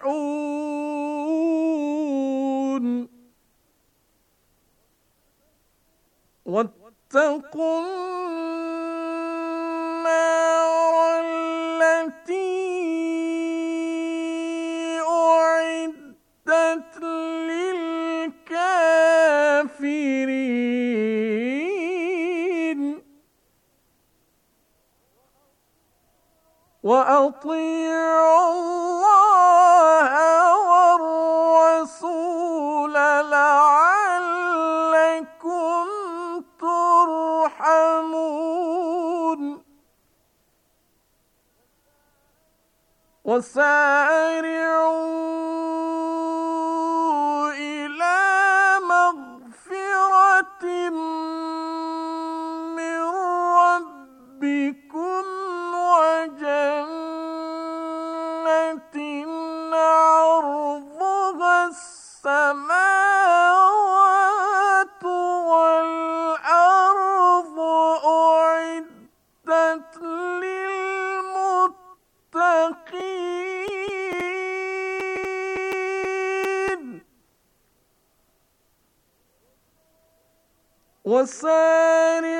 تفلحون واتقوا النار التي أعدت للكافرين وأطيعوا وسارعوا والسارق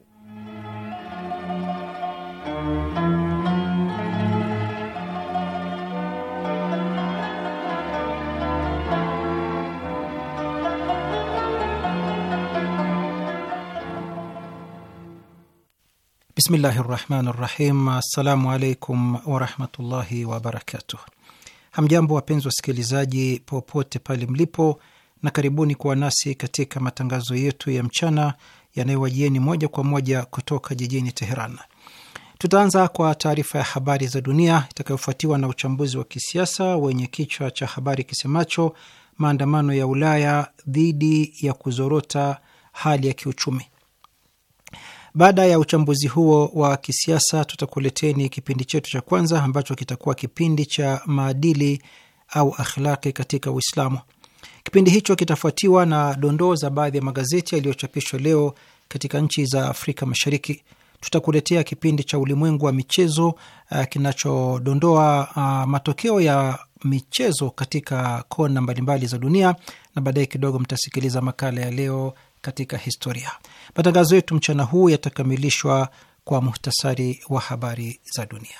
Bismillahi rahmani rahim. Assalamu alaikum warahmatullahi wabarakatuh. Hamjambo wapenzi wasikilizaji popote pale mlipo, na karibuni kuwa nasi katika matangazo yetu ya mchana yanayowajieni moja kwa moja kutoka jijini Teheran. Tutaanza kwa taarifa ya habari za dunia itakayofuatiwa na uchambuzi wa kisiasa wenye kichwa cha habari kisemacho maandamano ya Ulaya dhidi ya kuzorota hali ya kiuchumi. Baada ya uchambuzi huo wa kisiasa, tutakuleteni kipindi chetu cha kwanza ambacho kitakuwa kipindi cha maadili au akhlaki katika Uislamu. Kipindi hicho kitafuatiwa na dondoo za baadhi ya magazeti yaliyochapishwa leo katika nchi za Afrika Mashariki. Tutakuletea kipindi cha ulimwengu wa michezo uh, kinachodondoa uh, matokeo ya michezo katika kona mbalimbali za dunia, na baadaye kidogo mtasikiliza makala ya leo katika historia. Matangazo yetu mchana huu yatakamilishwa kwa muhtasari wa habari za dunia.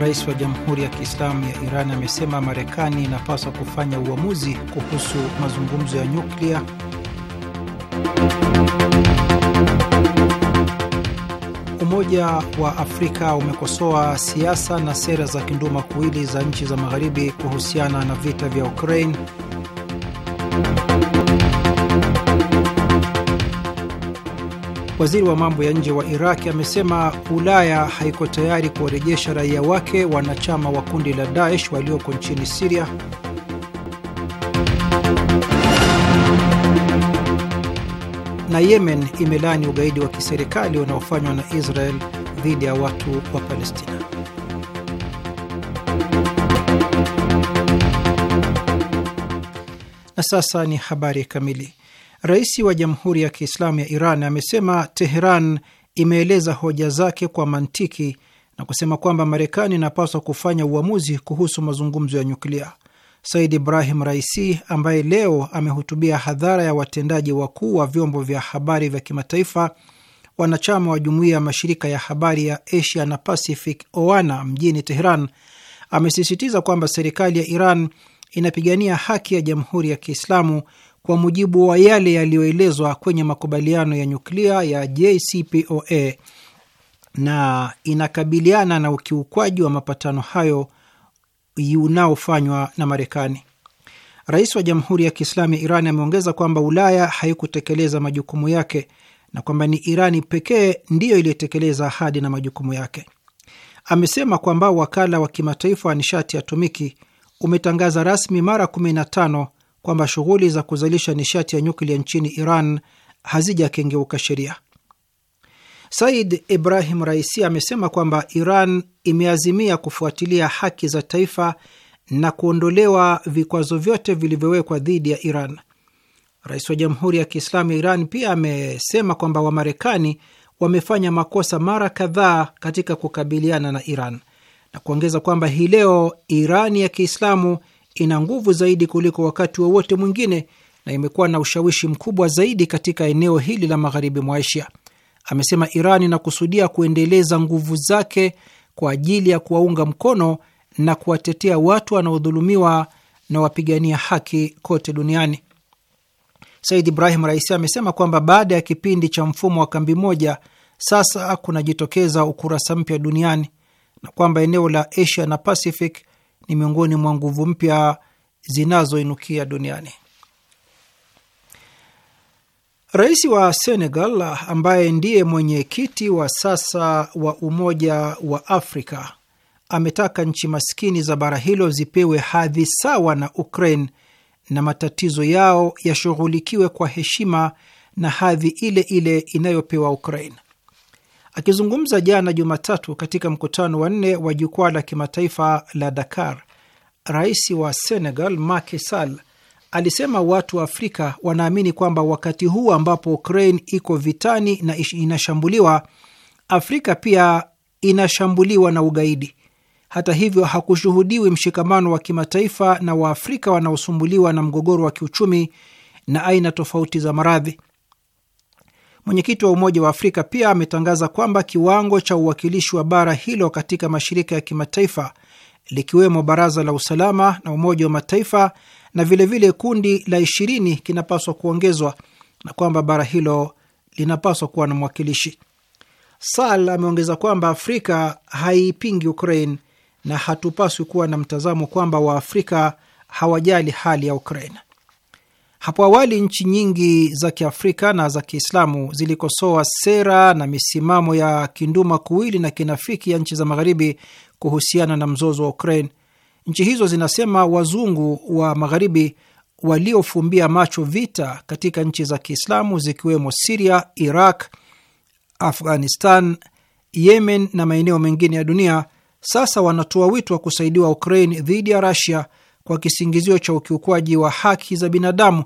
Rais wa Jamhuri ya Kiislamu ya Iran amesema Marekani inapaswa kufanya uamuzi kuhusu mazungumzo ya nyuklia. Umoja wa Afrika umekosoa siasa na sera za kinduma kuwili za nchi za magharibi kuhusiana na vita vya Ukraine. Waziri wa mambo ya nje wa iraq amesema Ulaya haiko tayari kuwarejesha raia wake wanachama wa kundi la Daesh walioko nchini Siria. Na Yemen imelaani ugaidi wa kiserikali unaofanywa na Israel dhidi ya watu wa Palestina. Na sasa ni habari kamili. Rais wa Jamhuri ya Kiislamu ya Iran amesema Teheran imeeleza hoja zake kwa mantiki na kusema kwamba Marekani inapaswa kufanya uamuzi kuhusu mazungumzo ya nyuklia. Said Ibrahim Raisi, ambaye leo amehutubia hadhara ya watendaji wakuu wa vyombo vya habari vya kimataifa wanachama wa Jumuiya ya Mashirika ya Habari ya Asia na Pacific, OANA, mjini Teheran, amesisitiza kwamba serikali ya Iran inapigania haki ya Jamhuri ya Kiislamu kwa mujibu wa yale yaliyoelezwa kwenye makubaliano ya nyuklia ya JCPOA na inakabiliana na ukiukwaji wa mapatano hayo unaofanywa na Marekani. Rais wa Jamhuri ya Kiislamu ya Iran ameongeza kwamba Ulaya haikutekeleza majukumu yake na kwamba ni Irani pekee ndiyo iliyotekeleza ahadi na majukumu yake. Amesema kwamba wakala wa kimataifa wa nishati ya atomiki umetangaza rasmi mara kwamba shughuli za kuzalisha nishati ya nyuklia nchini Iran hazijakengeuka sheria. Said Ibrahim Raisi amesema kwamba Iran imeazimia kufuatilia haki za taifa na kuondolewa vikwazo vyote vilivyowekwa dhidi ya Iran. Rais wa Jamhuri ya Kiislamu ya Iran pia amesema kwamba Wamarekani wamefanya makosa mara kadhaa katika kukabiliana na Iran na kuongeza kwamba hii leo Iran ya Kiislamu ina nguvu zaidi kuliko wakati wowote wa mwingine na imekuwa na ushawishi mkubwa zaidi katika eneo hili la magharibi mwa Asia. Amesema Iran inakusudia kuendeleza nguvu zake kwa ajili ya kuwaunga mkono na kuwatetea watu wanaodhulumiwa na wapigania haki kote duniani. Said Ibrahim Raisi amesema kwamba baada ya kipindi cha mfumo wa kambi moja, sasa kunajitokeza ukurasa mpya duniani na kwamba eneo la Asia na Pacific ni miongoni mwa nguvu mpya zinazoinukia duniani. Rais wa Senegal ambaye ndiye mwenyekiti wa sasa wa Umoja wa Afrika ametaka nchi maskini za bara hilo zipewe hadhi sawa na Ukraine na matatizo yao yashughulikiwe kwa heshima na hadhi ile ile inayopewa Ukraine. Akizungumza jana Jumatatu katika mkutano wa nne wa jukwaa la kimataifa la Dakar, rais wa Senegal Macky Sall alisema watu wa Afrika wanaamini kwamba wakati huu ambapo Ukraine iko vitani na inashambuliwa, Afrika pia inashambuliwa na ugaidi. Hata hivyo, hakushuhudiwi mshikamano wa kimataifa na Waafrika wanaosumbuliwa na mgogoro wa kiuchumi na aina tofauti za maradhi. Mwenyekiti wa Umoja wa Afrika pia ametangaza kwamba kiwango cha uwakilishi wa bara hilo katika mashirika ya kimataifa likiwemo Baraza la Usalama na Umoja wa Mataifa na vilevile vile kundi la ishirini kinapaswa kuongezwa na kwamba bara hilo linapaswa kuwa na mwakilishi. Sal ameongeza kwamba Afrika haipingi Ukraine na hatupaswi kuwa na mtazamo kwamba Waafrika hawajali hali ya Ukraine. Hapo awali nchi nyingi za Kiafrika na za Kiislamu zilikosoa sera na misimamo ya kinduma kuwili na kinafiki ya nchi za Magharibi kuhusiana na mzozo wa Ukraine. Nchi hizo zinasema wazungu wa Magharibi waliofumbia macho vita katika nchi za Kiislamu zikiwemo Siria, Iraq, Afghanistan, Yemen na maeneo mengine ya dunia sasa wanatoa wito wa kusaidiwa Ukraine dhidi ya Russia kwa kisingizio cha ukiukwaji wa haki za binadamu,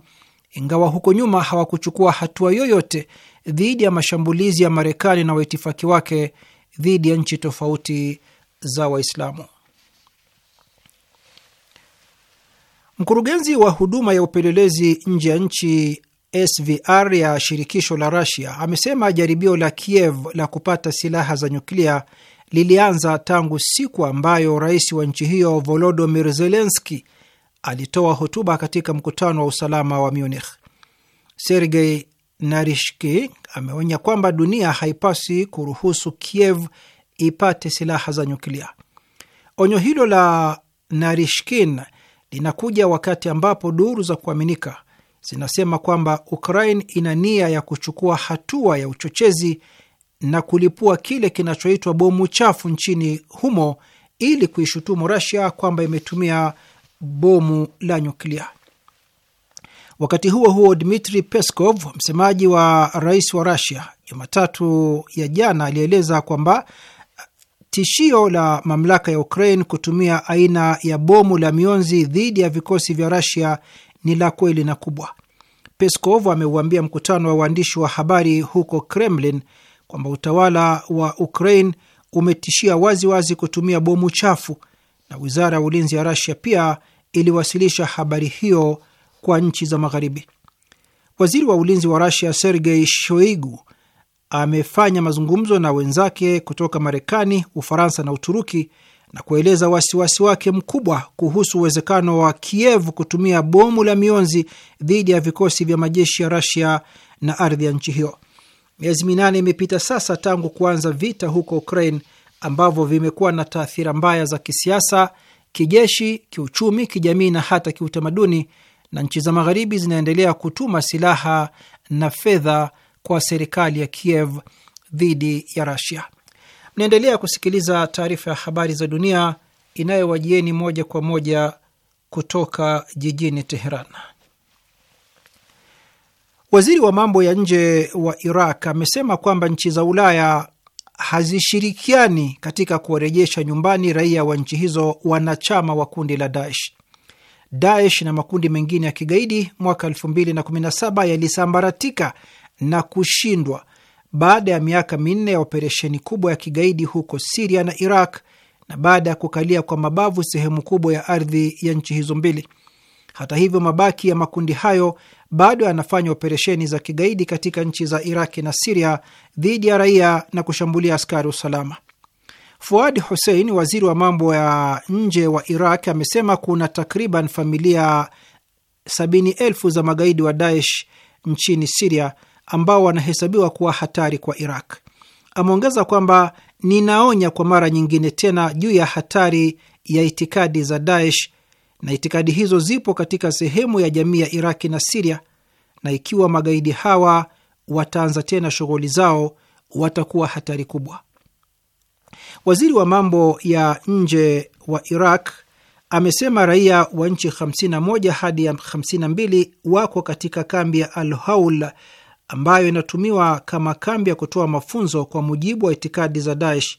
ingawa huko nyuma hawakuchukua hatua yoyote dhidi ya mashambulizi ya Marekani na waitifaki wake dhidi ya nchi tofauti za Waislamu. Mkurugenzi wa huduma ya upelelezi nje ya nchi SVR ya shirikisho la Russia amesema jaribio la Kiev la kupata silaha za nyuklia lilianza tangu siku ambayo rais wa nchi hiyo Volodomir zelenski alitoa hotuba katika mkutano wa usalama wa Munich. Sergei Narishki ameonya kwamba dunia haipasi kuruhusu Kiev ipate silaha za nyuklia. Onyo hilo la Narishkin linakuja wakati ambapo duru za kuaminika zinasema kwamba Ukraine ina nia ya kuchukua hatua ya uchochezi na kulipua kile kinachoitwa bomu chafu nchini humo ili kuishutumu Russia kwamba imetumia bomu la nyuklia. Wakati huo huo, Dmitri Peskov, msemaji wa rais wa Russia, Jumatatu ya jana alieleza kwamba tishio la mamlaka ya Ukraine kutumia aina ya bomu la mionzi dhidi ya vikosi vya Russia ni la kweli na kubwa. Peskov ameuambia mkutano wa waandishi wa habari huko Kremlin kwamba utawala wa Ukraine umetishia waziwazi wazi kutumia bomu chafu, na wizara ya ulinzi ya Rasia pia iliwasilisha habari hiyo kwa nchi za Magharibi. Waziri wa ulinzi wa Rasia Sergei Shoigu amefanya mazungumzo na wenzake kutoka Marekani, Ufaransa na Uturuki na kueleza wasiwasi wake mkubwa kuhusu uwezekano wa Kievu kutumia bomu la mionzi dhidi ya vikosi vya majeshi ya Rasia na ardhi ya nchi hiyo. Miezi minane imepita sasa tangu kuanza vita huko Ukraine ambavyo vimekuwa na taathira mbaya za kisiasa, kijeshi, kiuchumi, kijamii na hata kiutamaduni, na nchi za magharibi zinaendelea kutuma silaha na fedha kwa serikali ya Kiev dhidi ya Russia. Mnaendelea kusikiliza taarifa ya habari za dunia inayowajieni moja kwa moja kutoka jijini Teheran. Waziri wa mambo ya nje wa Iraq amesema kwamba nchi za Ulaya hazishirikiani katika kuwarejesha nyumbani raia wa nchi hizo wanachama wa kundi la Daesh. Daesh na makundi mengine ya kigaidi mwaka 2017 yalisambaratika na kushindwa baada ya miaka minne ya operesheni kubwa ya kigaidi huko Siria na Iraq na baada ya kukalia kwa mabavu sehemu kubwa ya ardhi ya nchi hizo mbili. Hata hivyo, mabaki ya makundi hayo bado yanafanya operesheni za kigaidi katika nchi za Iraki na Siria dhidi ya raia na kushambulia askari usalama. Fuad Hussein, waziri wa mambo ya nje wa Iraq, amesema kuna takriban familia sabini elfu za magaidi wa Daesh nchini Siria ambao wanahesabiwa kuwa hatari kwa Iraq. Ameongeza kwamba ninaonya kwa mara nyingine tena juu ya hatari ya itikadi za Daesh na itikadi hizo zipo katika sehemu ya jamii ya Iraki na Siria, na ikiwa magaidi hawa wataanza tena shughuli zao watakuwa hatari kubwa. Waziri wa mambo ya nje wa Iraq amesema raia wa nchi 51 hadi 52 wako katika kambi ya Al Haul ambayo inatumiwa kama kambi ya kutoa mafunzo kwa mujibu wa itikadi za Daesh,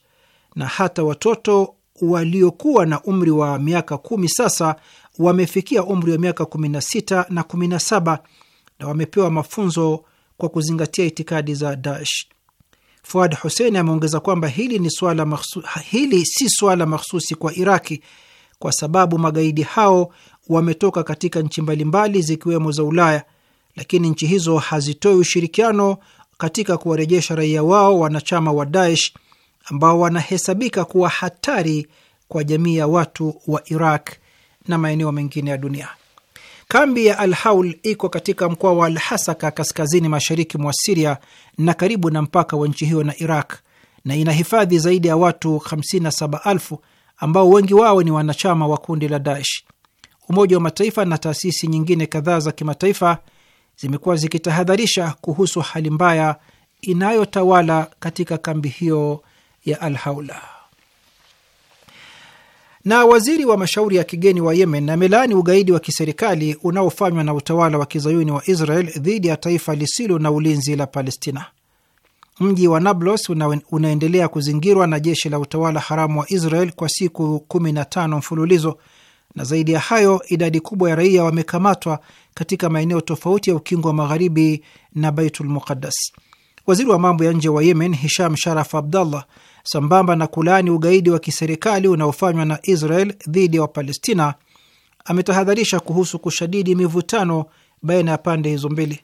na hata watoto waliokuwa na umri wa miaka kumi sasa wamefikia umri wa miaka kumi na sita na kumi na saba na wamepewa mafunzo kwa kuzingatia itikadi za Daesh. Fuad Hussein ameongeza kwamba hili ni swala hili si swala mahsusi kwa Iraki kwa sababu magaidi hao wametoka katika nchi mbalimbali zikiwemo za Ulaya, lakini nchi hizo hazitoi ushirikiano katika kuwarejesha raia wao wanachama wa Daesh ambao wanahesabika kuwa hatari kwa jamii ya watu wa Iraq na maeneo mengine ya dunia. Kambi ya Al Haul iko katika mkoa wa Al Hasaka, kaskazini mashariki mwa Siria na karibu na mpaka wa nchi hiyo na Iraq, na ina hifadhi zaidi ya watu 57,000 ambao wengi wao ni wanachama wa kundi la Daesh. Umoja wa Mataifa na taasisi nyingine kadhaa za kimataifa zimekuwa zikitahadharisha kuhusu hali mbaya inayotawala katika kambi hiyo ya Al Haula. Na waziri wa mashauri ya kigeni wa Yemen amelaani ugaidi wa kiserikali unaofanywa na utawala wa kizayuni wa Israel dhidi ya taifa lisilo na ulinzi la Palestina. Mji wa Nablus una, unaendelea kuzingirwa na jeshi la utawala haramu wa Israel kwa siku 15 mfululizo, na zaidi ya hayo idadi kubwa ya raia wamekamatwa katika maeneo tofauti ya ukingo wa magharibi na Baitul Muqaddas. Waziri wa mambo ya nje wa Yemen Hisham Sharaf Abdallah sambamba na kulaani ugaidi wa kiserikali unaofanywa na Israel dhidi ya wa Wapalestina, ametahadharisha kuhusu kushadidi mivutano baina ya pande hizo mbili.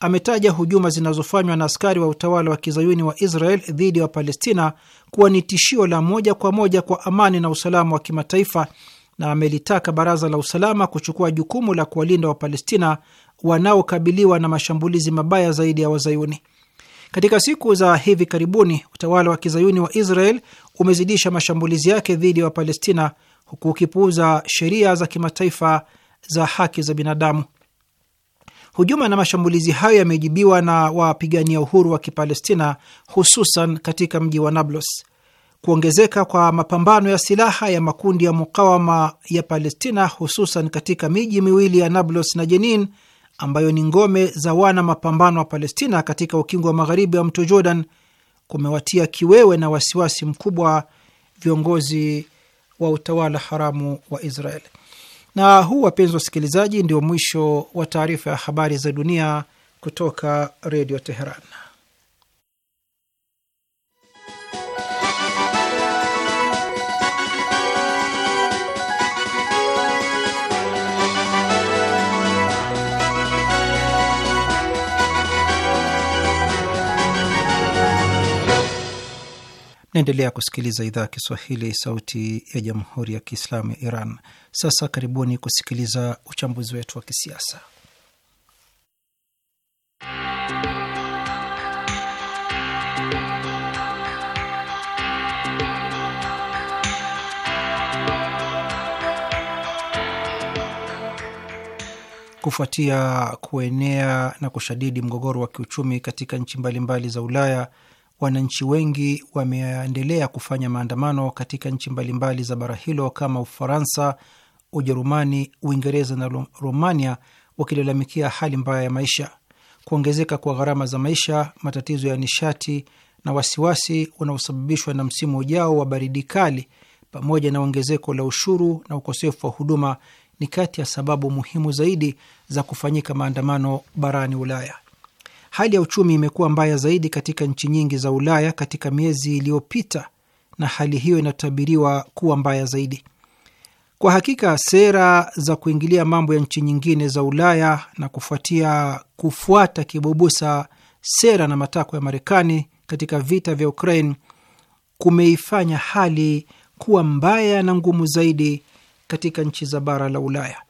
Ametaja hujuma zinazofanywa na askari wa utawala wa kizayuni wa Israel dhidi ya wa Wapalestina kuwa ni tishio la moja kwa moja kwa amani na usalama wa kimataifa na amelitaka Baraza la Usalama kuchukua jukumu la kuwalinda Wapalestina wanaokabiliwa na mashambulizi mabaya zaidi ya Wazayuni. Katika siku za hivi karibuni, utawala wa kizayuni wa Israel umezidisha mashambulizi yake dhidi ya wa Wapalestina huku ukipuuza sheria za kimataifa za haki za binadamu. Hujuma na mashambulizi hayo yamejibiwa na wapigania uhuru wa Kipalestina, hususan katika mji wa Nablus. Kuongezeka kwa mapambano ya silaha ya makundi ya mukawama ya Palestina, hususan katika miji miwili ya Nablus na Jenin, ambayo ni ngome za wana mapambano wa Palestina katika ukingo wa magharibi wa mto Jordan kumewatia kiwewe na wasiwasi mkubwa viongozi wa utawala haramu wa Israel. Na huu, wapenzi wasikilizaji, ndio mwisho wa taarifa ya habari za dunia kutoka Redio Teheran. Naendelea kusikiliza idhaa ya Kiswahili, sauti ya jamhuri ya kiislamu ya Iran. Sasa karibuni kusikiliza uchambuzi wetu wa kisiasa. Kufuatia kuenea na kushadidi mgogoro wa kiuchumi katika nchi mbalimbali za Ulaya wananchi wengi wameendelea kufanya maandamano katika nchi mbalimbali za bara hilo kama Ufaransa, Ujerumani, Uingereza na Romania, wakilalamikia hali mbaya ya maisha, kuongezeka kwa gharama za maisha, matatizo ya nishati na wasiwasi unaosababishwa na msimu ujao wa baridi kali, pamoja na ongezeko la ushuru na ukosefu wa huduma ni kati ya sababu muhimu zaidi za kufanyika maandamano barani Ulaya. Hali ya uchumi imekuwa mbaya zaidi katika nchi nyingi za Ulaya katika miezi iliyopita, na hali hiyo inatabiriwa kuwa mbaya zaidi. Kwa hakika, sera za kuingilia mambo ya nchi nyingine za Ulaya na kufuatia kufuata kibubusa sera na matakwa ya Marekani katika vita vya Ukraine kumeifanya hali kuwa mbaya na ngumu zaidi katika nchi za bara la Ulaya.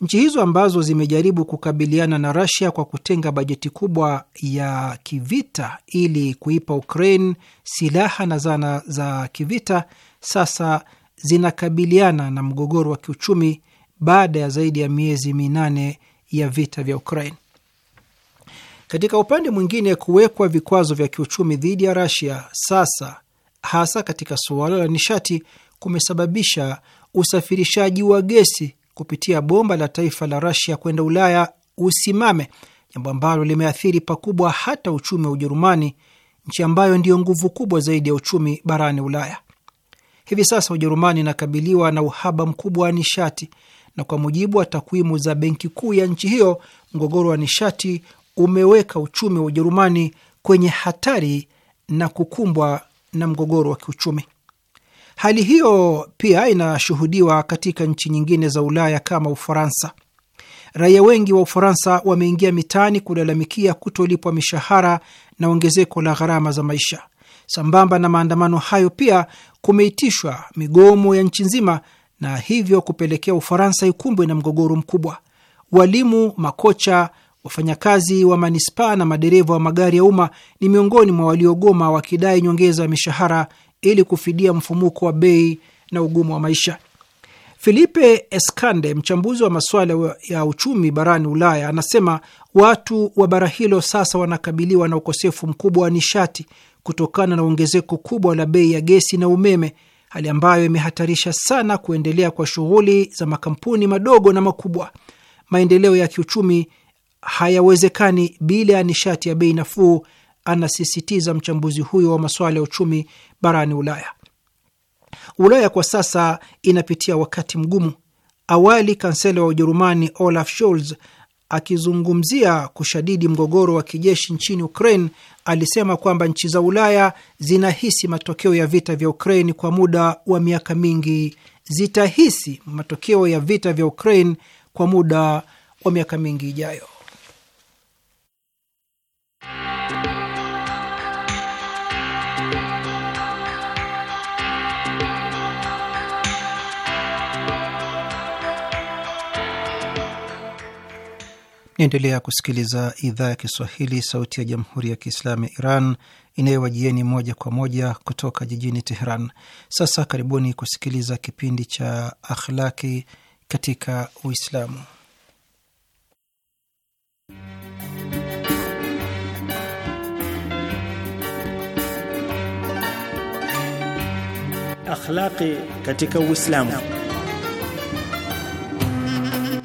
Nchi hizo ambazo zimejaribu kukabiliana na Russia kwa kutenga bajeti kubwa ya kivita ili kuipa Ukraine silaha na zana za kivita, sasa zinakabiliana na mgogoro wa kiuchumi baada ya zaidi ya miezi minane ya vita vya Ukraine. Katika upande mwingine, kuwekwa vikwazo vya kiuchumi dhidi ya Russia sasa, hasa katika suala la nishati, kumesababisha usafirishaji wa gesi kupitia bomba la taifa la Rasia kwenda Ulaya usimame, jambo ambalo limeathiri pakubwa hata uchumi wa Ujerumani, nchi ambayo ndiyo nguvu kubwa zaidi ya uchumi barani Ulaya. Hivi sasa Ujerumani inakabiliwa na uhaba mkubwa wa nishati, na kwa mujibu wa takwimu za benki kuu ya nchi hiyo, mgogoro wa nishati umeweka uchumi wa Ujerumani kwenye hatari na kukumbwa na mgogoro wa kiuchumi. Hali hiyo pia inashuhudiwa katika nchi nyingine za Ulaya kama Ufaransa. Raia wengi wa Ufaransa wameingia mitaani kulalamikia kutolipwa mishahara na ongezeko la gharama za maisha. Sambamba na maandamano hayo, pia kumeitishwa migomo ya nchi nzima na hivyo kupelekea Ufaransa ikumbwe na mgogoro mkubwa. Walimu, makocha, wafanyakazi wa manispaa na madereva wa magari ya umma ni miongoni mwa waliogoma wakidai nyongeza ya mishahara ili kufidia mfumuko wa bei na ugumu wa maisha. Filipe Eskande, mchambuzi wa masuala ya uchumi barani Ulaya, anasema watu wa bara hilo sasa wanakabiliwa na ukosefu mkubwa wa nishati kutokana na ongezeko kubwa la bei ya gesi na umeme, hali ambayo imehatarisha sana kuendelea kwa shughuli za makampuni madogo na makubwa. Maendeleo ya kiuchumi hayawezekani bila ya nishati ya bei nafuu anasisitiza mchambuzi huyo wa masuala ya uchumi barani Ulaya. Ulaya kwa sasa inapitia wakati mgumu. Awali kansela wa Ujerumani Olaf Scholz akizungumzia kushadidi mgogoro wa kijeshi nchini Ukraine alisema kwamba nchi za Ulaya zinahisi matokeo ya vita vya Ukraine kwa muda wa miaka mingi, zitahisi matokeo ya vita vya Ukraine kwa muda wa miaka mingi ijayo. Niendelea kusikiliza idhaa ya Kiswahili, sauti ya jamhuri ya kiislamu ya Iran inayowajieni moja kwa moja kutoka jijini Teheran. Sasa karibuni kusikiliza kipindi cha Akhlaki katika Uislamu. Akhlaqi katika Uislamu.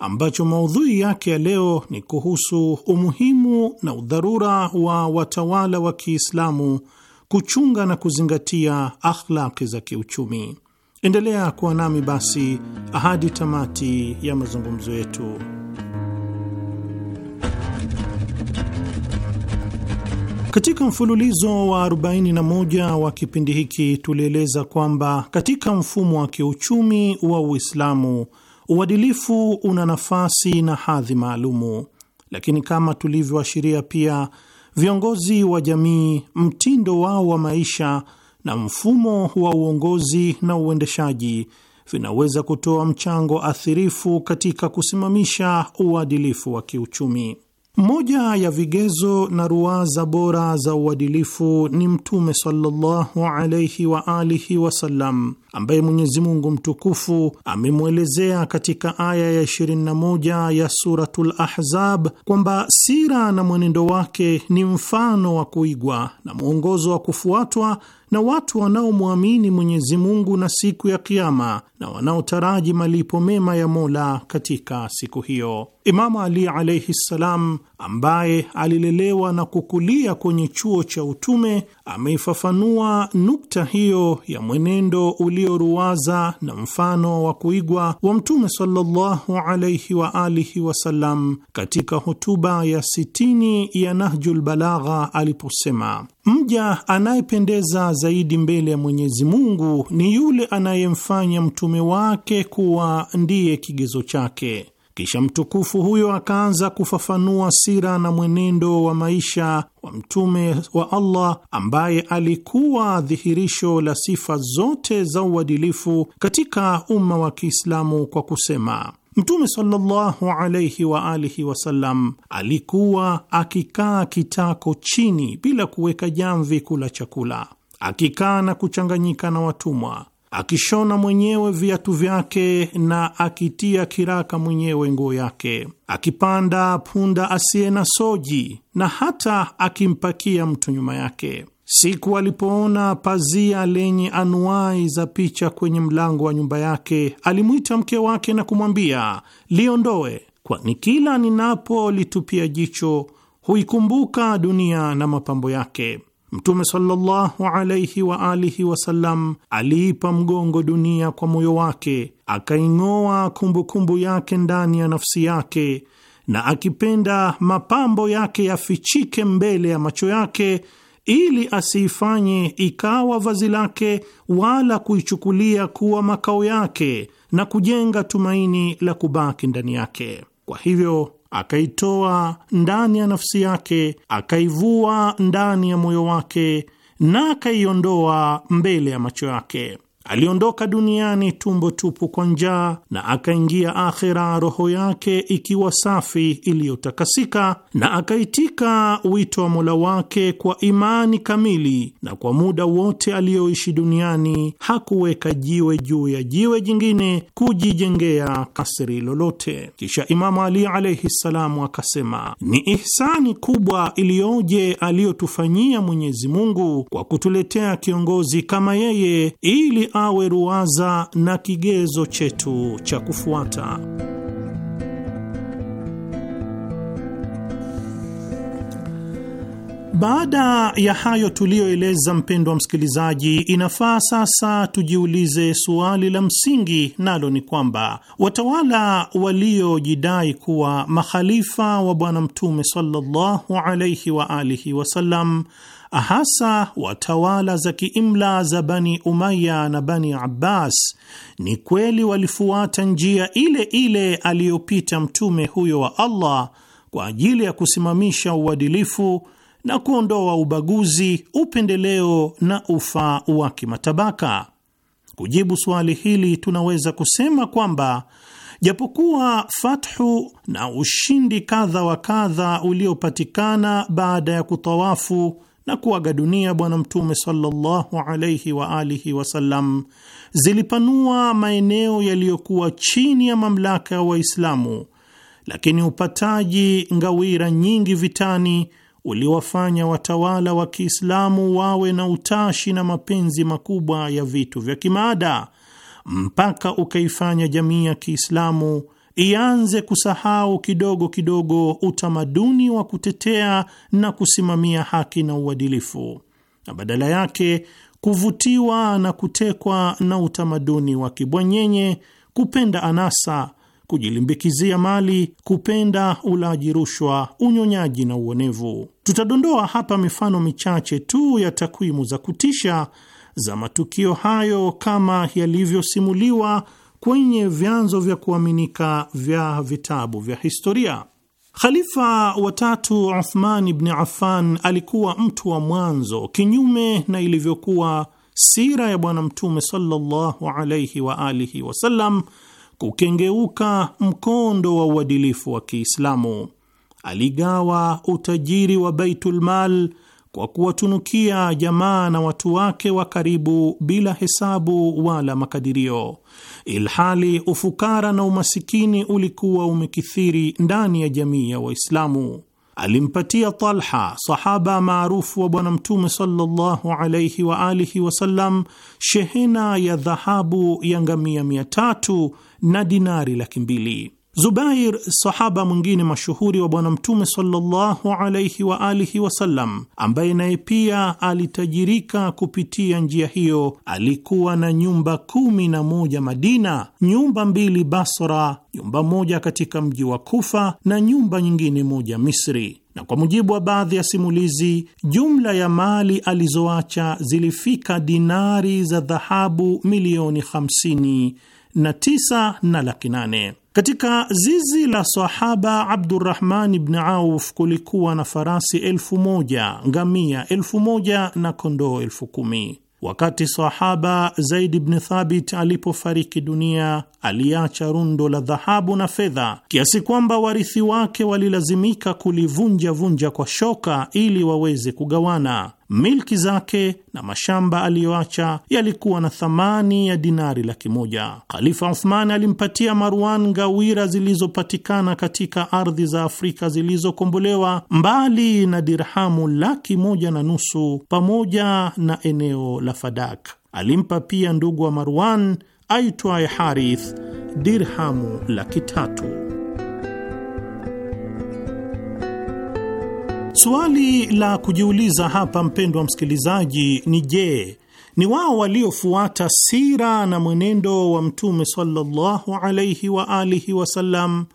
ambacho maudhui yake ya leo ni kuhusu umuhimu na udharura wa watawala wa Kiislamu kuchunga na kuzingatia akhlaki za kiuchumi. Endelea kuwa nami basi hadi tamati ya mazungumzo yetu. Katika mfululizo wa 41 wa kipindi hiki tulieleza kwamba katika mfumo wa kiuchumi wa Uislamu Uadilifu una nafasi na hadhi maalumu, lakini kama tulivyoashiria pia, viongozi wa jamii, mtindo wao wa maisha na mfumo wa uongozi na uendeshaji vinaweza kutoa mchango athirifu katika kusimamisha uadilifu wa kiuchumi. Moja ya vigezo na ruwaza bora za uadilifu ni Mtume sallallahu alaihi wa alihi wasallam ambaye Mwenyezi Mungu mtukufu amemwelezea katika aya ya 21 ya Suratul Ahzab kwamba sira na mwenendo wake ni mfano wa kuigwa na mwongozo wa kufuatwa na watu wanaomwamini Mwenyezi Mungu na siku ya Kiama na wanaotaraji malipo mema ya Mola katika siku hiyo. Imamu Ali alaihi ssalam, ambaye alilelewa na kukulia kwenye chuo cha utume, ameifafanua nukta hiyo ya mwenendo uli ulioruwaza na mfano wa kuigwa wa Mtume sallallahu alaihi wa alihi wasallam katika hotuba ya sitini ya Nahjul Balagha aliposema, mja anayependeza zaidi mbele ya Mwenyezi Mungu ni yule anayemfanya mtume wake kuwa ndiye kigezo chake kisha mtukufu huyo akaanza kufafanua sira na mwenendo wa maisha wa mtume wa Allah ambaye alikuwa dhihirisho la sifa zote za uadilifu katika umma wa Kiislamu kwa kusema Mtume sallallahu wa alihi wasallam alikuwa akikaa kitako chini bila kuweka jamvi kula chakula, akikaa na kuchanganyika na watumwa akishona mwenyewe viatu vyake na akitia kiraka mwenyewe nguo yake, akipanda punda asiye na soji na hata akimpakia mtu nyuma yake. Siku alipoona pazia lenye anuai za picha kwenye mlango wa nyumba yake, alimwita mke wake na kumwambia liondoe, kwani kila ninapolitupia jicho huikumbuka dunia na mapambo yake. Mtume sallallahu alaihi wa alihi wasallam aliipa mgongo dunia kwa moyo wake, akaing'oa kumbukumbu yake ndani ya nafsi yake, na akipenda mapambo yake yafichike mbele ya macho yake ili asiifanye ikawa vazi lake wala kuichukulia kuwa makao yake na kujenga tumaini la kubaki ndani yake. Kwa hivyo akaitoa ndani ya nafsi yake, akaivua ndani ya moyo wake na akaiondoa mbele ya macho yake. Aliondoka duniani tumbo tupu kwa njaa na akaingia akhira roho yake ikiwa safi iliyotakasika, na akaitika wito wa Mola wake kwa imani kamili, na kwa muda wote aliyoishi duniani hakuweka jiwe juu ya jiwe jingine kujijengea kasri lolote. Kisha Imamu Ali alaihi ssalamu akasema, ni ihsani kubwa iliyoje aliyotufanyia Mwenyezi Mungu kwa kutuletea kiongozi kama yeye ili awe ruwaza na kigezo chetu cha kufuata. Baada ya hayo tuliyoeleza, mpendwa msikilizaji, inafaa sasa tujiulize suali la msingi, nalo ni kwamba watawala waliojidai kuwa makhalifa wa Bwana Mtume sallallahu alaihi wa alihi wasallam hasa watawala za kiimla za Bani Umaya na Bani Abbas, ni kweli walifuata njia ile ile aliyopita mtume huyo wa Allah kwa ajili ya kusimamisha uadilifu na kuondoa ubaguzi, upendeleo na ufa wa kimatabaka. Kujibu suali hili, tunaweza kusema kwamba japokuwa fathu na ushindi kadha wa kadha uliopatikana baada ya kutawafu na kuaga dunia Bwana Mtume sallallahu alaihi wa alihi wasallam zilipanua maeneo yaliyokuwa chini ya mamlaka ya wa Waislamu, lakini upataji ngawira nyingi vitani uliwafanya watawala wa Kiislamu wawe na utashi na mapenzi makubwa ya vitu vya kimaada mpaka ukaifanya jamii ya Kiislamu ianze kusahau kidogo kidogo utamaduni wa kutetea na kusimamia haki na uadilifu na badala yake kuvutiwa na kutekwa na utamaduni wa kibwanyenye, kupenda anasa, kujilimbikizia mali, kupenda ulaji rushwa, unyonyaji na uonevu. Tutadondoa hapa mifano michache tu ya takwimu za kutisha za matukio hayo kama yalivyosimuliwa kwenye vyanzo vya kuaminika vya vitabu vya historia. Khalifa watatu Uthman ibn Affan alikuwa mtu wa mwanzo, kinyume na ilivyokuwa sira ya Bwana Mtume sallallahu alaihi wa alihi wasallam, kukengeuka mkondo wa uadilifu wa Kiislamu. Aligawa utajiri wa Baitulmal kwa kuwatunukia jamaa na watu wake wa karibu bila hesabu wala makadirio ilhali ufukara na umasikini ulikuwa umekithiri ndani ya jamii ya Waislamu. Alimpatia Talha, sahaba maarufu wa Bwana Mtume sallallahu alaihi wa alihi wasallam, shehena ya dhahabu ya ngamia mia tatu na dinari laki mbili. Zubair, sahaba mwingine mashuhuri wa Bwana Mtume sallallahu alaihi wa alihi wasallam, ambaye naye pia alitajirika kupitia njia hiyo, alikuwa na nyumba kumi na moja Madina, nyumba mbili Basra, nyumba moja katika mji wa Kufa na nyumba nyingine moja Misri. Na kwa mujibu wa baadhi ya simulizi, jumla ya mali alizoacha zilifika dinari za dhahabu milioni 59 na laki nane. Katika zizi la sahaba Abdurrahman ibn Auf kulikuwa na farasi elfu moja, ngamia elfu moja na kondoo elfu kumi. Wakati sahaba Zaid ibn Thabit alipofariki dunia, aliacha rundo la dhahabu na fedha kiasi kwamba warithi wake walilazimika kulivunja vunja kwa shoka ili waweze kugawana milki zake na mashamba aliyoacha yalikuwa na thamani ya dinari laki moja. Khalifa Uthman alimpatia Marwan ngawira zilizopatikana katika ardhi za Afrika zilizokombolewa, mbali na dirhamu laki moja na nusu pamoja na eneo la Fadak. Alimpa pia ndugu wa Marwan aitwaye Harith dirhamu laki tatu. Suali la kujiuliza hapa, mpendwa msikilizaji, ni je, ni wao waliofuata sira na mwenendo wa Mtume sallallahu alaihi wa alihi wasallam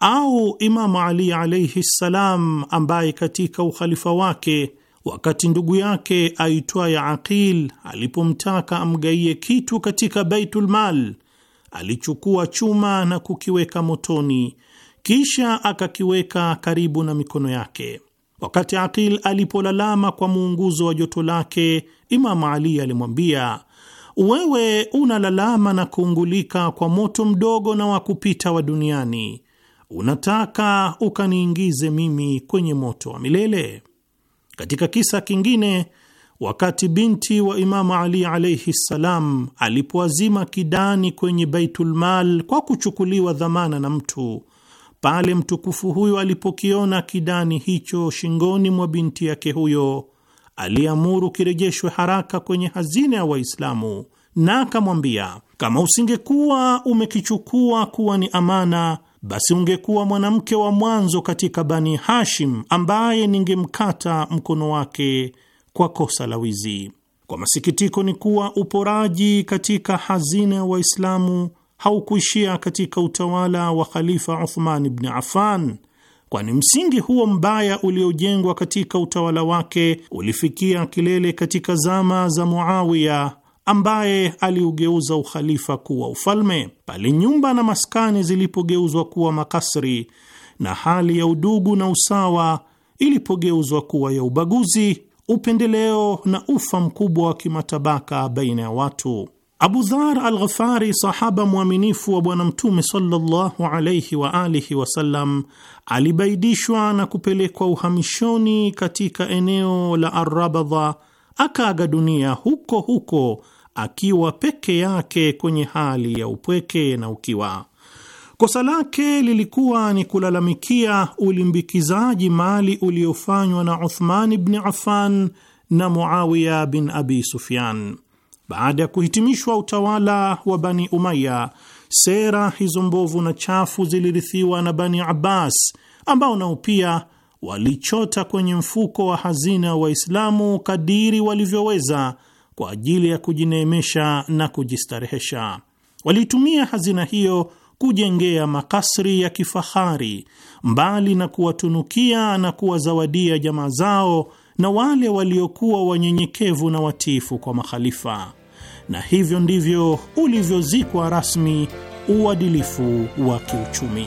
au Imamu Ali alaihi ssalam, ambaye katika ukhalifa wake wakati ndugu yake aitwaye Aqil alipomtaka amgaie kitu katika Baitulmal alichukua chuma na kukiweka motoni, kisha akakiweka karibu na mikono yake. Wakati Aqil alipolalama kwa muunguzo wa joto lake, Imamu Ali alimwambia, wewe unalalama na kuungulika kwa moto mdogo na wa kupita wa duniani, unataka ukaniingize mimi kwenye moto wa milele? Katika kisa kingine, wakati binti wa Imamu Ali alaihi ssalam alipoazima kidani kwenye Baitulmal kwa kuchukuliwa dhamana na mtu pale mtukufu huyo alipokiona kidani hicho shingoni mwa binti yake huyo, aliamuru kirejeshwe haraka kwenye hazina ya Waislamu na akamwambia, kama usingekuwa umekichukua kuwa ni amana, basi ungekuwa mwanamke wa mwanzo katika Bani Hashim ambaye ningemkata mkono wake kwa kosa la wizi. Kwa masikitiko ni kuwa uporaji katika hazina ya Waislamu haukuishia katika utawala wa Khalifa Uthman ibn Affan, kwani msingi huo mbaya uliojengwa katika utawala wake ulifikia kilele katika zama za Muawiya ambaye aliugeuza ukhalifa kuwa ufalme, pale nyumba na maskani zilipogeuzwa kuwa makasri na hali ya udugu na usawa ilipogeuzwa kuwa ya ubaguzi, upendeleo na ufa mkubwa wa kimatabaka baina ya watu. Abu Dhar al Ghafari, sahaba mwaminifu wa Bwana Mtume sallallahu alaihi wa alihi wasallam, alibaidishwa na kupelekwa uhamishoni katika eneo la Arabadha, akaaga dunia huko huko akiwa peke yake kwenye hali ya upweke na ukiwa. Kosa lake lilikuwa ni kulalamikia ulimbikizaji mali uliofanywa na Uthman ibn Affan na Muawiya bin Abi Sufyan. Baada ya kuhitimishwa utawala wa Bani Umaya, sera hizo mbovu na chafu zilirithiwa na Bani Abbas, ambao nao pia walichota kwenye mfuko wa hazina wa Waislamu kadiri walivyoweza kwa ajili ya kujineemesha na kujistarehesha. walitumia hazina hiyo kujengea makasri ya kifahari, mbali na kuwatunukia na kuwazawadia jamaa zao na wale waliokuwa wanyenyekevu na watiifu kwa makhalifa na hivyo ndivyo ulivyozikwa rasmi uadilifu wa kiuchumi.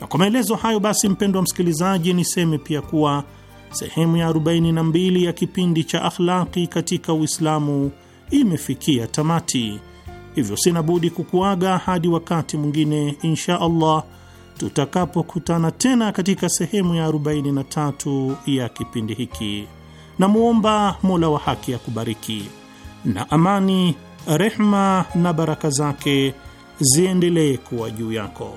Na kwa maelezo hayo basi, mpendwa msikilizaji, niseme pia kuwa sehemu ya 42 ya kipindi cha Akhlaqi katika Uislamu imefikia tamati Hivyo sina budi kukuaga hadi wakati mwingine insha Allah tutakapokutana tena katika sehemu ya 43 ya kipindi hiki. Namwomba Mola wa haki akubariki, na amani, rehma na baraka zake ziendelee kuwa juu yako.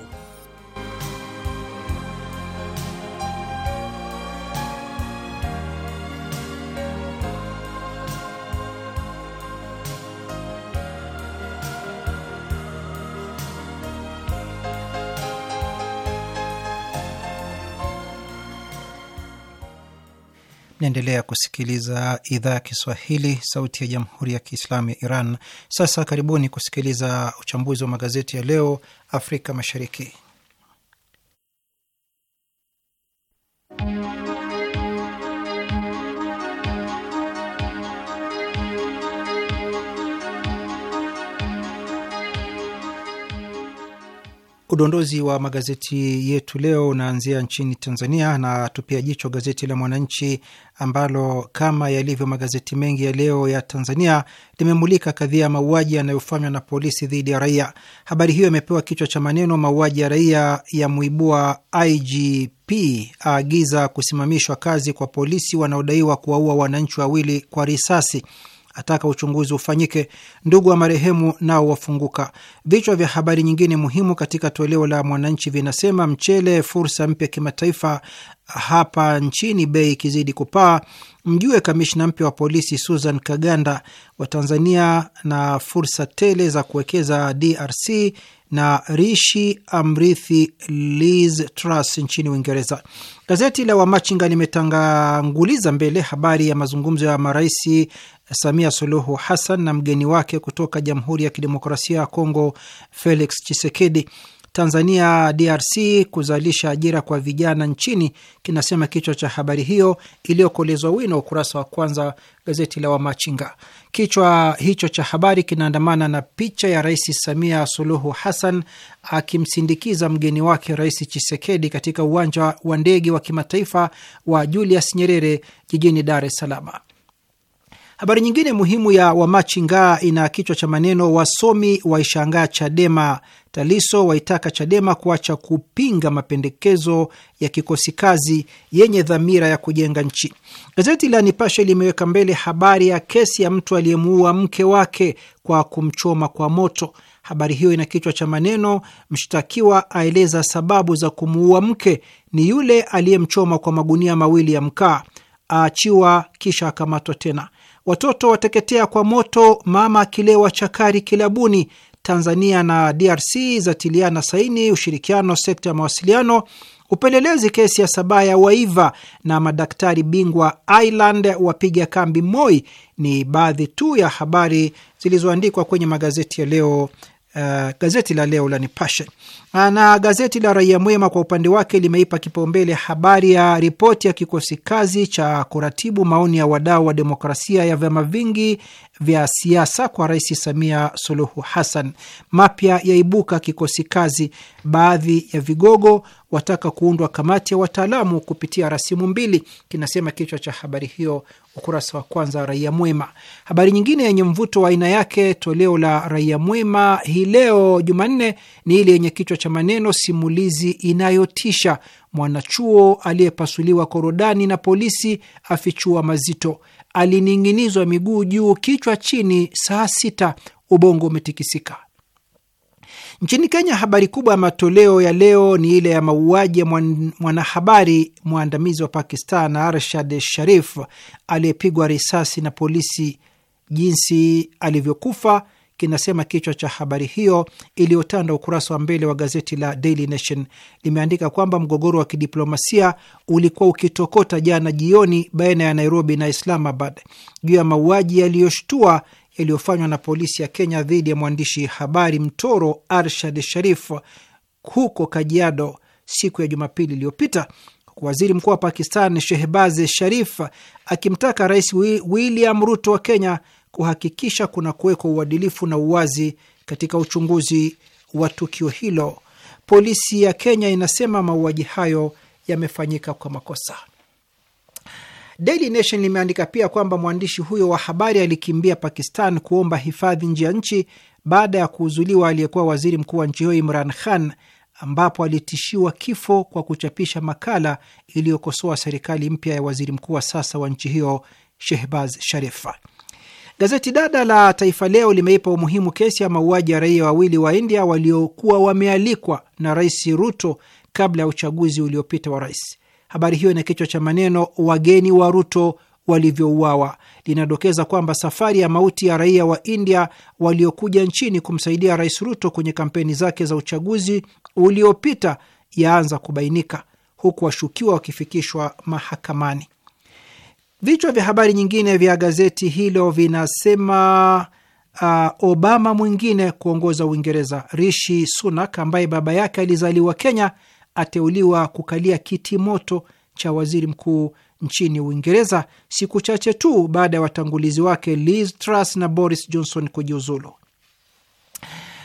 Naendelea kusikiliza idhaa ya Kiswahili, sauti ya jamhuri ya kiislamu ya Iran. Sasa karibuni kusikiliza uchambuzi wa magazeti ya leo Afrika Mashariki. Udondozi wa magazeti yetu leo unaanzia nchini Tanzania na tupia jicho gazeti la Mwananchi ambalo kama yalivyo magazeti mengi ya leo ya Tanzania limemulika kadhia ya mauaji yanayofanywa na polisi dhidi ya raia. Habari hiyo imepewa kichwa cha maneno, mauaji ya raia ya mwibua IGP aagiza kusimamishwa kazi kwa polisi wanaodaiwa kuwaua wananchi wawili kwa risasi ataka uchunguzi ufanyike. Ndugu wa marehemu nao wafunguka. Vichwa vya habari nyingine muhimu katika toleo la Mwananchi vinasema: mchele fursa mpya kimataifa, hapa nchini bei ikizidi kupaa, mjue kamishna mpya wa polisi Susan Kaganda, Watanzania na fursa tele za kuwekeza DRC, na Rishi Amrithi Liz Truss nchini Uingereza. Gazeti la Wamachinga limetanganguliza mbele habari ya mazungumzo ya marais Samia Suluhu Hassan na mgeni wake kutoka Jamhuri ya Kidemokrasia ya Kongo Felix Tshisekedi. Tanzania DRC kuzalisha ajira kwa vijana nchini, kinasema kichwa cha habari hiyo iliyokolezwa wino ukurasa wa kwanza gazeti la Wamachinga. Kichwa hicho cha habari kinaandamana na picha ya Rais Samia Suluhu Hassan akimsindikiza mgeni wake Rais Chisekedi katika uwanja wa ndege wa kimataifa wa Julius Nyerere jijini Dar es Salaam. Habari nyingine muhimu ya wamachinga ina kichwa cha maneno wasomi waishangaa Chadema, Taliso waitaka Chadema kuacha kupinga mapendekezo ya kikosi kazi yenye dhamira ya kujenga nchi. Gazeti la Nipashe limeweka mbele habari ya kesi ya mtu aliyemuua mke wake kwa kumchoma kwa moto. Habari hiyo ina kichwa cha maneno mshtakiwa aeleza sababu za kumuua mke, ni yule aliyemchoma kwa magunia mawili ya mkaa, aachiwa kisha akamatwa tena watoto wateketea kwa moto, mama akilewa chakari kilabuni. Tanzania na DRC zatiliana saini ushirikiano sekta ya mawasiliano. Upelelezi kesi ya Sabaa ya waiva na madaktari bingwa Ireland wapiga kambi Moi ni baadhi tu ya habari zilizoandikwa kwenye magazeti ya leo Uh, gazeti la leo la Nipashe ah, na gazeti la Raia Mwema kwa upande wake limeipa kipaumbele habari ya ripoti ya kikosi kazi cha kuratibu maoni ya wadau wa demokrasia ya vyama vingi vya siasa kwa Rais Samia Suluhu Hassan. Mapya yaibuka kikosi kazi, baadhi ya vigogo wataka kuundwa kamati ya wataalamu kupitia rasimu mbili, kinasema kichwa cha habari hiyo, ukurasa wa kwanza Raia Mwema. Habari nyingine yenye mvuto wa aina yake toleo la Raia Mwema hii leo Jumanne ni ile yenye kichwa cha maneno simulizi inayotisha, mwanachuo aliyepasuliwa korodani na polisi afichua mazito alining'inizwa miguu juu, kichwa chini, saa sita, ubongo umetikisika. Nchini Kenya, habari kubwa ya matoleo ya leo ni ile ya mauaji ya mwanahabari mwandamizi wa Pakistan Arshad Sharif aliyepigwa risasi na polisi. Jinsi alivyokufa kinasema kichwa cha habari hiyo iliyotanda ukurasa wa mbele wa gazeti la Daily Nation limeandika kwamba mgogoro wa kidiplomasia ulikuwa ukitokota jana jioni baina ya Nairobi na Islamabad juu ya mauaji yaliyoshtua yaliyofanywa na polisi ya Kenya dhidi ya mwandishi habari mtoro Arshad Sharif huko Kajiado siku ya Jumapili iliyopita. Waziri Mkuu wa Pakistan Shehbaz Sharif akimtaka Rais William Ruto wa Kenya kuhakikisha kuna kuwekwa uadilifu na uwazi katika uchunguzi wa tukio hilo. Polisi ya Kenya inasema mauaji hayo yamefanyika kwa makosa. Daily Nation limeandika pia kwamba mwandishi huyo wa habari alikimbia Pakistan kuomba hifadhi nje ya nchi baada ya kuuzuliwa aliyekuwa waziri mkuu wa nchi hiyo Imran Khan, ambapo alitishiwa kifo kwa kuchapisha makala iliyokosoa serikali mpya ya waziri mkuu wa sasa wa nchi hiyo Shehbaz Sharifa. Gazeti dada la Taifa Leo limeipa umuhimu kesi ya mauaji ya raia wawili wa India waliokuwa wamealikwa na Rais Ruto kabla ya uchaguzi uliopita wa rais. Habari hiyo ina kichwa cha maneno wageni wa Ruto walivyouawa. Linadokeza kwamba safari ya mauti ya raia wa India waliokuja nchini kumsaidia Rais Ruto kwenye kampeni zake za uchaguzi uliopita yaanza kubainika, huku washukiwa wakifikishwa mahakamani. Vichwa vya habari nyingine vya gazeti hilo vinasema uh, Obama mwingine kuongoza Uingereza. Rishi Sunak ambaye baba yake alizaliwa Kenya ateuliwa kukalia kiti moto cha waziri mkuu nchini Uingereza siku chache tu baada ya watangulizi wake Liz Truss na Boris Johnson kujiuzulu.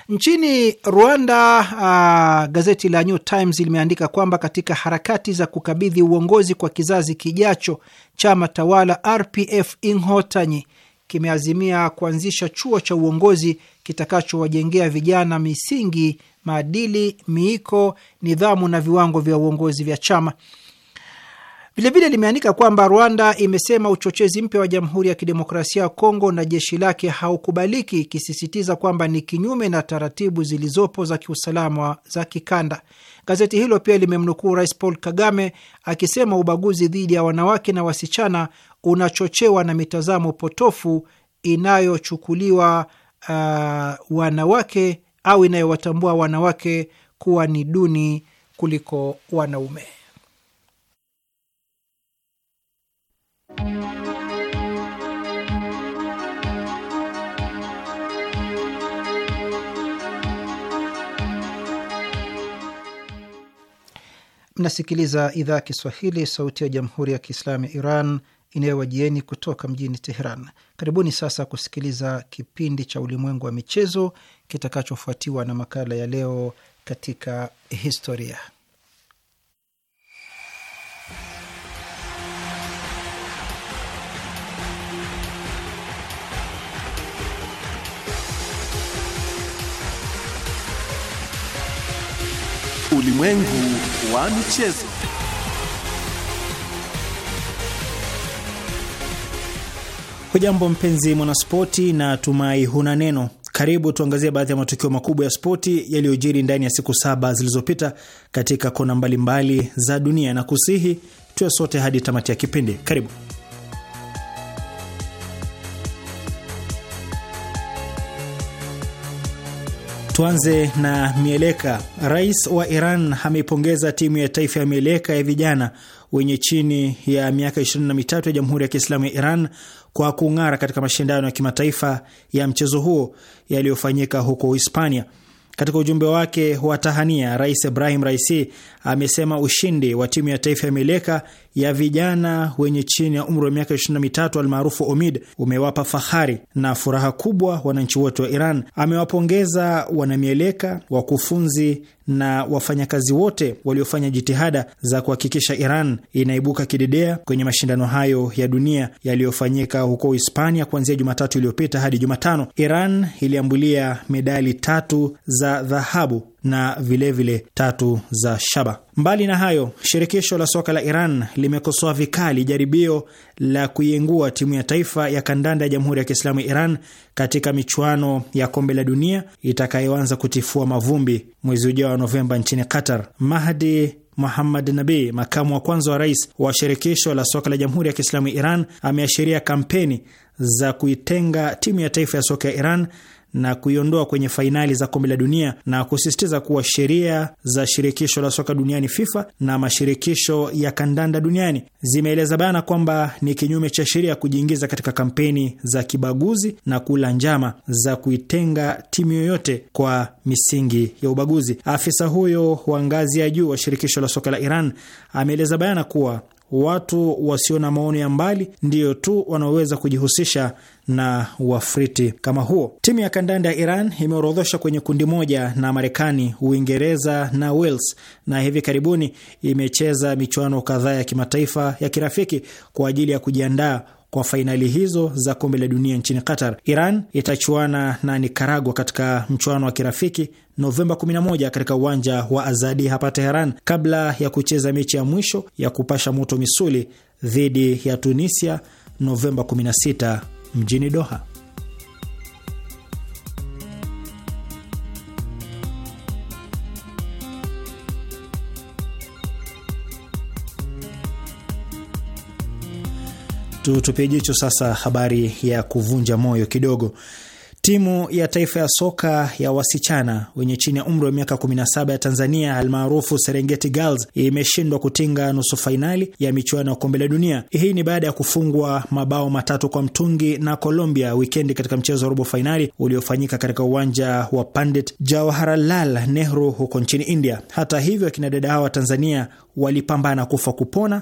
Nchini Rwanda, uh, gazeti la New Times limeandika kwamba katika harakati za kukabidhi uongozi kwa kizazi kijacho, chama tawala RPF Inhotanyi kimeazimia kuanzisha chuo cha uongozi kitakachowajengea vijana misingi, maadili, miiko, nidhamu na viwango vya uongozi vya chama. Vilevile limeandika kwamba Rwanda imesema uchochezi mpya wa Jamhuri ya Kidemokrasia ya Kongo na jeshi lake haukubaliki, ikisisitiza kwamba ni kinyume na taratibu zilizopo za kiusalama za kikanda. Gazeti hilo pia limemnukuu Rais Paul Kagame akisema ubaguzi dhidi ya wanawake na wasichana unachochewa na mitazamo potofu inayochukuliwa uh, wanawake au inayowatambua wanawake kuwa ni duni kuliko wanaume. Mnasikiliza idhaa Kiswahili sauti ya jamhuri ya kiislamu ya Iran inayowajieni kutoka mjini Teheran. Karibuni sasa kusikiliza kipindi cha ulimwengu wa michezo kitakachofuatiwa na makala ya leo katika historia. Ulimwengu wa michezo. Hujambo mpenzi mwanaspoti, na tumai huna neno. Karibu tuangazie baadhi ya matukio makubwa ya spoti yaliyojiri ndani ya siku saba zilizopita katika kona mbalimbali mbali za dunia, na kusihi tuwe sote hadi tamati ya kipindi. Karibu. Tuanze na mieleka. Rais wa Iran ameipongeza timu ya taifa ya mieleka ya vijana wenye chini ya miaka 23 ya Jamhuri ya Kiislamu ya Iran kwa kung'ara katika mashindano ya kimataifa ya mchezo huo yaliyofanyika huko Hispania. Katika ujumbe wake wa tahania, Rais Ibrahim Raisi amesema ushindi wa timu ya taifa ya mieleka ya vijana wenye chini ya umri wa miaka 23 almaarufu Omid umewapa fahari na furaha kubwa wananchi wote wa Iran. Amewapongeza wanamieleka, wakufunzi na wafanyakazi wote waliofanya jitihada za kuhakikisha Iran inaibuka kidedea kwenye mashindano hayo ya dunia yaliyofanyika huko Hispania kuanzia Jumatatu iliyopita hadi Jumatano. Iran iliambulia medali tatu za dhahabu na vilevile vile tatu za shaba. Mbali na hayo, shirikisho la soka la Iran limekosoa vikali jaribio la kuiengua timu ya taifa ya kandanda ya Jamhuri ya Kiislamu ya Iran katika michuano ya kombe la dunia itakayoanza kutifua mavumbi mwezi ujao wa Novemba nchini Qatar. Mahdi Muhammad Nabi, makamu wa kwanza wa rais wa shirikisho la soka la Jamhuri ya Kiislamu ya Iran, ameashiria kampeni za kuitenga timu ya taifa ya soka ya Iran na kuiondoa kwenye fainali za kombe la dunia na kusisitiza kuwa sheria za shirikisho la soka duniani FIFA na mashirikisho ya kandanda duniani zimeeleza bayana kwamba ni kinyume cha sheria kujiingiza katika kampeni za kibaguzi na kula njama za kuitenga timu yoyote kwa misingi ya ubaguzi. Afisa huyo wa ngazi ya juu wa shirikisho la soka la Iran ameeleza bayana kuwa watu wasio na maono ya mbali ndiyo tu wanaoweza kujihusisha na wafriti kama huo. Timu ya kandanda ya Iran imeorodhoshwa kwenye kundi moja na Marekani, Uingereza na Wales, na hivi karibuni imecheza michuano kadhaa ya kimataifa ya kirafiki kwa ajili ya kujiandaa kwa fainali hizo za kombe la dunia nchini Qatar. Iran itachuana na Nikaragua katika mchuano wa kirafiki Novemba 11 katika uwanja wa Azadi hapa Teheran, kabla ya kucheza mechi ya mwisho ya kupasha moto misuli dhidi ya Tunisia Novemba 16 mjini Doha. Tutupie jicho sasa habari ya kuvunja moyo kidogo. Timu ya taifa ya soka ya wasichana wenye chini ya umri wa miaka 17 ya Tanzania almaarufu Serengeti Girls imeshindwa kutinga nusu fainali ya michuano ya kombe la dunia. Hii ni baada ya kufungwa mabao matatu kwa mtungi na Colombia wikendi katika mchezo wa robo fainali uliofanyika katika uwanja wa Pandit Jawaharlal Nehru huko nchini India. Hata hivyo, akina dada hawa wa Tanzania walipambana kufa kupona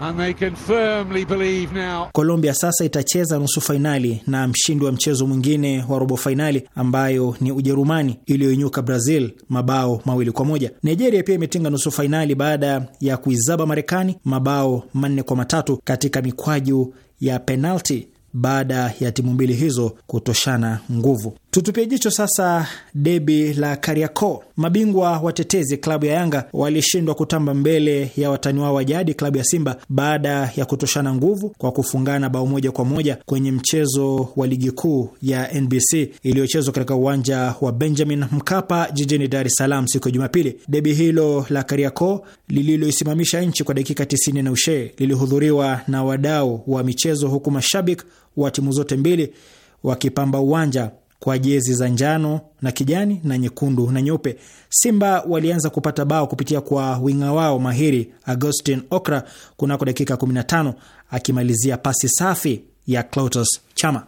And they can firmly believe now. Colombia sasa itacheza nusu fainali na mshindi wa mchezo mwingine wa robo fainali ambayo ni Ujerumani iliyoinyuka Brazil mabao mawili kwa moja. Nigeria pia imetinga nusu fainali baada ya kuizaba Marekani mabao manne kwa matatu katika mikwaju ya penalti baada ya timu mbili hizo kutoshana nguvu. Tutupie jicho sasa debi la Kariakoo. Mabingwa watetezi klabu ya Yanga walishindwa kutamba mbele ya watani wao wa jadi klabu ya Simba baada ya kutoshana nguvu kwa kufungana bao moja kwa moja kwenye mchezo wa ligi kuu ya NBC iliyochezwa katika uwanja wa Benjamin Mkapa jijini Dar es Salaam siku ya Jumapili. Debi hilo la Kariakoo lililoisimamisha nchi kwa dakika 90 na ushee lilihudhuriwa na wadau wa michezo, huku mashabiki wa timu zote mbili wakipamba uwanja kwa jezi za njano na kijani na nyekundu na nyeupe. Simba walianza kupata bao kupitia kwa winga wao mahiri Agustin Okra kunako dakika 15 akimalizia pasi safi ya Clotus Chama.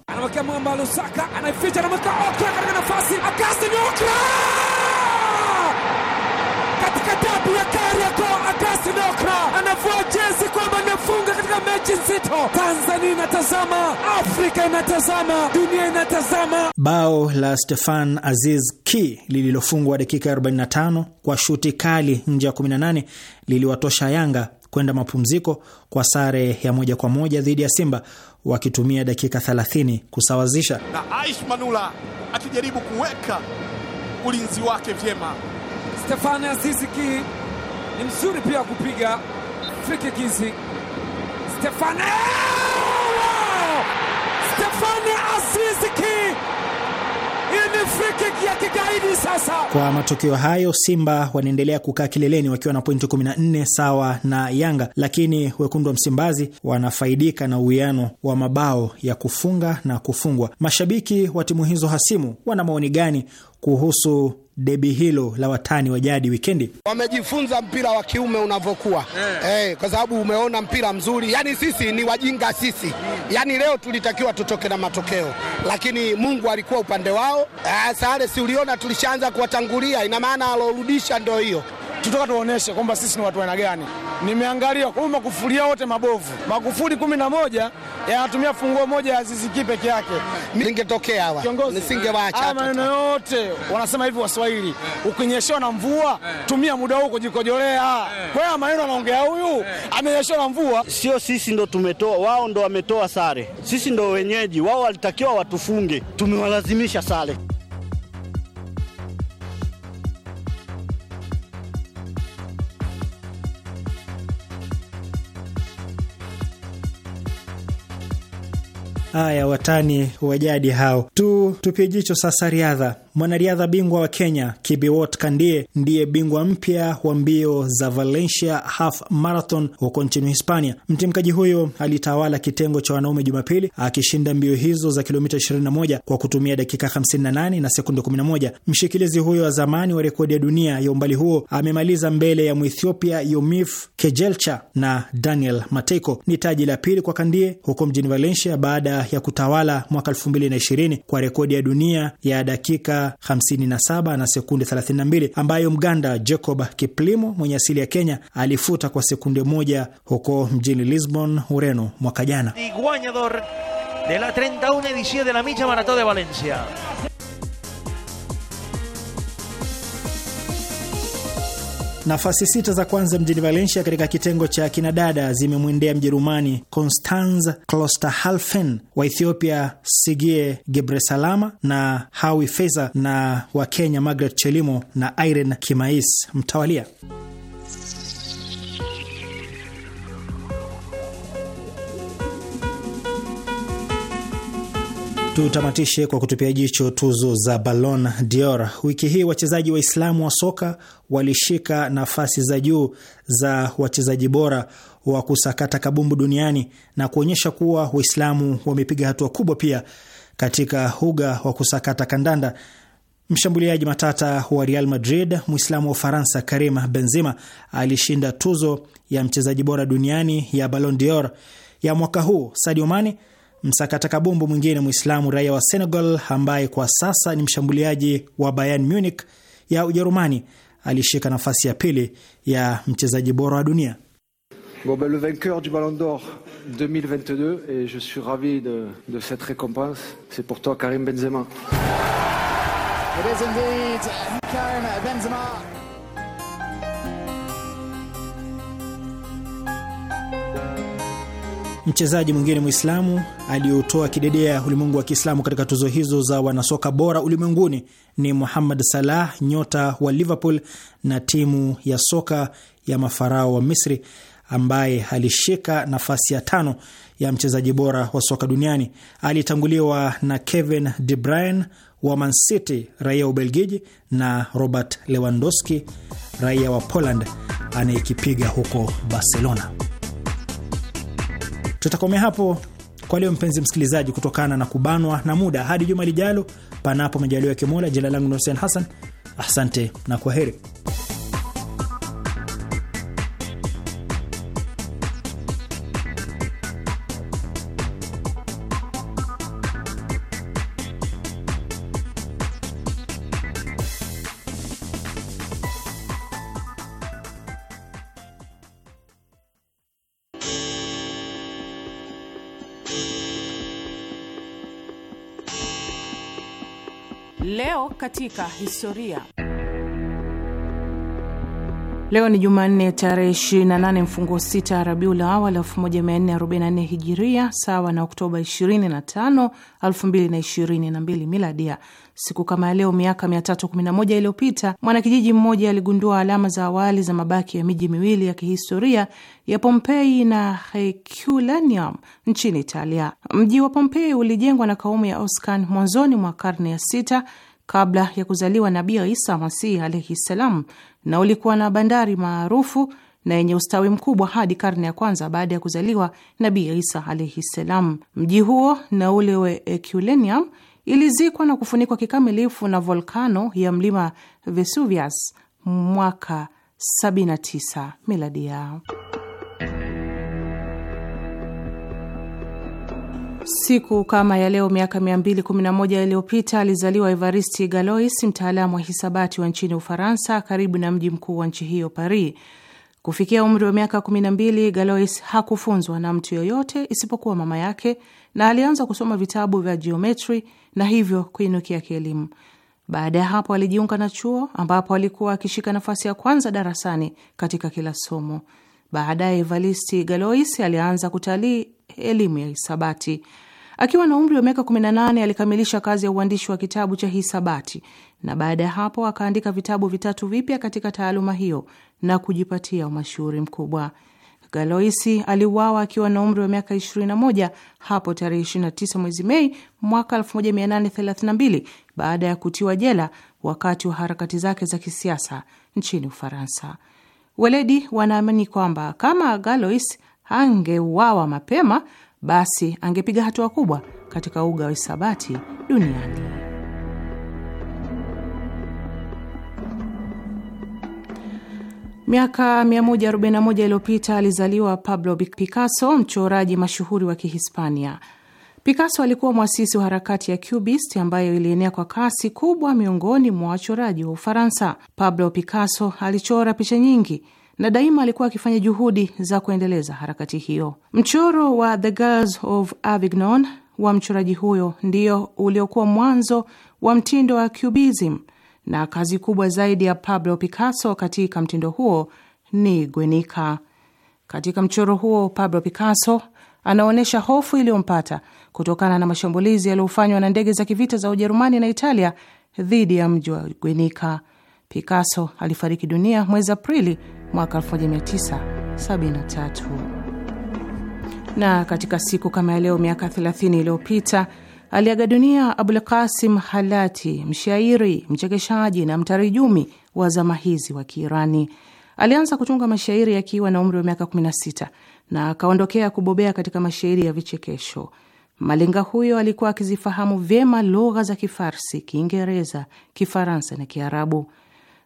kufunga katika mechi nzito. Tanzania inatazama, Afrika inatazama, dunia inatazama. Bao la Stefan Aziz Ki lililofungwa dakika 45 kwa shuti kali nje ya 18 liliwatosha Yanga kwenda mapumziko kwa sare ya moja kwa moja dhidi ya Simba wakitumia dakika 30 kusawazisha, na Aish Manula akijaribu kuweka ulinzi wake vyema. Stefan Aziz Ki ni mzuri pia kupiga free Stefane Stefane ya kigaidi sasa. Kwa matokeo hayo, Simba wanaendelea kukaa kileleni wakiwa na pointi 14 sawa na Yanga, lakini wekundu wa Msimbazi wanafaidika na uwiano wa mabao ya kufunga na kufungwa. Mashabiki wa timu hizo hasimu wana maoni gani kuhusu debi hilo la watani wa jadi wikendi. Wamejifunza mpira wa kiume unavyokuwa, yeah. Hey, eh, kwa sababu umeona mpira mzuri, yani sisi ni wajinga sisi, yani leo tulitakiwa tutoke na matokeo, lakini Mungu alikuwa upande wao. Ah, sare si uliona, tulishaanza kuwatangulia, ina maana alorudisha ndio hiyo tutoka tuoneshe kwamba sisi ni watu aina gani. Nimeangalia kumbe yao wote mabovu. makufuri kumi na moja yanatumia eh, funguo moja ya ziziki peke yake. Ningetokea hapa nisingewaacha. Ah, Haya maneno yote wanasema hivi Waswahili, ukinyeshewa na mvua eh. tumia muda huo kujikojolea. Eh. Kwa hiyo maneno anaongea huyu amenyeshewa na mvua. Sio sisi ndo tumetoa, wao ndo wametoa sare, sisi ndo wenyeji. Wao walitakiwa watufunge, tumewalazimisha sare. Haya, watani wa jadi hao tu. Tupie jicho sasa riadha. Mwanariadha bingwa wa Kenya Kibiwot Kandie ndiye bingwa mpya wa mbio za Valencia Half Marathon huko nchini Hispania. Mtimkaji huyo alitawala kitengo cha wanaume Jumapili akishinda mbio hizo za kilomita 21 kwa kutumia dakika 58 na sekunde 11. Mshikilizi huyo wa zamani wa rekodi ya dunia ya umbali huo amemaliza mbele ya Mwethiopia Yomif Kejelcha na Daniel Mateko. Ni taji la pili kwa Kandie huko mjini Valencia baada ya kutawala mwaka 2020 kwa rekodi ya dunia ya dakika 57 na sekunde 32 ambayo Mganda Jacob Kiplimo mwenye asili ya Kenya alifuta kwa sekunde moja huko mjini Lisbon, Ureno mwaka jana. Nafasi sita za kwanza mjini Valencia katika kitengo cha kinadada zimemwendea Mjerumani Constance Klosterhalfen wa Ethiopia Sigie Gebresalama na Hawi Feza na wa kenya Margaret Chelimo na Irene Kimais mtawalia. Tutamatishe kwa kutupia jicho tuzo za Ballon d'Or. Wiki hii wachezaji Waislamu wa soka walishika nafasi za juu za wachezaji bora wa kusakata kabumbu duniani na kuonyesha kuwa Waislamu wamepiga hatua kubwa pia katika uga wa kusakata kandanda. Mshambuliaji matata wa Real Madrid, Mwislamu wa Ufaransa Karim Benzema alishinda tuzo ya mchezaji bora duniani ya Ballon d'Or ya mwaka huu. Sadio Mane msakata kabumbu mwingine Mwislamu raia wa Senegal ambaye kwa sasa ni mshambuliaji wa Bayern Munich ya Ujerumani alishika nafasi ya pili ya mchezaji bora wa dunia. Bon ben, le vainqueur du Ballon d'Or 2022 et je suis ravi de, de cette récompense. C'est pour toi Karim Benzema. It is indeed Karim Benzema. mchezaji mwingine Mwislamu aliyotoa kidedea ulimwengu wa Kiislamu katika tuzo hizo za wanasoka bora ulimwenguni ni Muhammad Salah, nyota wa Liverpool na timu ya soka ya mafarao wa Misri, ambaye alishika nafasi ya tano ya mchezaji bora wa soka duniani. Alitanguliwa na Kevin De Bruyne wa Man City, raia wa Ubelgiji, na Robert Lewandowski, raia wa Poland anayekipiga huko Barcelona. Tutakomea hapo kwa leo, mpenzi msikilizaji, kutokana na kubanwa na muda. Hadi juma lijalo, panapo majaliwa ya Kimola. Jina langu ni Hussein Hassan, asante na kwa heri. katika historia. Leo ni Jumanne tarehe 28 mfungo 6 Rabiul Awal 1444 Hijiria, sawa na Oktoba 25, 2022 Miladia. Siku kama yaleo leo miaka 311 iliyopita mwanakijiji mmoja aligundua alama za awali za mabaki ya miji miwili ya kihistoria ya Pompei na Herculaneum nchini Italia. Mji wa Pompei ulijengwa na kaumu ya Oscan mwanzoni mwa karne ya sita kabla ya kuzaliwa Nabii Isa Masih alaihi ssalam, na ulikuwa na bandari maarufu na yenye ustawi mkubwa hadi karne ya kwanza baada ya kuzaliwa Nabii Isa alaihi ssalam. Mji huo na ule wa Eculenium ilizikwa na kufunikwa kikamilifu na volkano ya mlima Vesuvius mwaka 79 miladi yao. Siku kama ya leo miaka 211 iliyopita alizaliwa Evaristi Galois, mtaalamu wa hisabati wa nchini Ufaransa, karibu na mji mkuu wa nchi hiyo Paris. Kufikia umri wa miaka 12, Galois hakufunzwa na mtu yoyote isipokuwa mama yake, na alianza kusoma vitabu vya jiometri na hivyo kuinukia kielimu. Baada ya hapo, alijiunga na chuo ambapo alikuwa akishika nafasi ya kwanza darasani katika kila somo. Baadaye Evaristi Galois alianza kutalii elimu ya hisabati. Akiwa na umri wa miaka 18 alikamilisha kazi ya uandishi wa kitabu cha hisabati, na baada ya hapo akaandika vitabu vitatu vipya katika taaluma hiyo na kujipatia umashuhuri mkubwa. Galoisi aliuawa akiwa na umri wa miaka 21 hapo tarehe 29 mwezi Mei mwaka 1832 baada ya kutiwa jela wakati wa harakati zake za kisiasa nchini Ufaransa. Weledi wanaamini kwamba kama galois angeuawa mapema, basi angepiga hatua kubwa katika uga wa hisabati duniani. Miaka 141 iliyopita alizaliwa Pablo Picasso, mchoraji mashuhuri wa Kihispania. Picasso alikuwa mwasisi wa harakati ya Cubist ambayo ilienea kwa kasi kubwa miongoni mwa wachoraji wa Ufaransa. Pablo Picasso alichora picha nyingi na daima alikuwa akifanya juhudi za kuendeleza harakati hiyo. Mchoro wa The Girls of Avignon wa mchoraji huyo ndio uliokuwa mwanzo wa mtindo wa Cubism, na kazi kubwa zaidi ya Pablo Picasso katika mtindo huo ni Guernica. Katika mchoro huo Pablo Picasso anaonyesha hofu iliyompata kutokana na mashambulizi yaliyofanywa na ndege za kivita za Ujerumani na Italia dhidi ya mji wa Guernica. Picasso alifariki dunia mwezi Aprili mwaka 1973. Na katika siku kama ya leo miaka 30 iliyopita aliaga dunia Abulkasim Halati, mshairi, mchekeshaji na mtarijumi wa zama hizi wa Kiirani. Alianza kutunga mashairi akiwa na umri wa miaka 16 na akaondokea kubobea katika mashairi ya vichekesho. Malenga huyo alikuwa akizifahamu vyema lugha za Kifarsi, Kiingereza, Kifaransa na Kiarabu.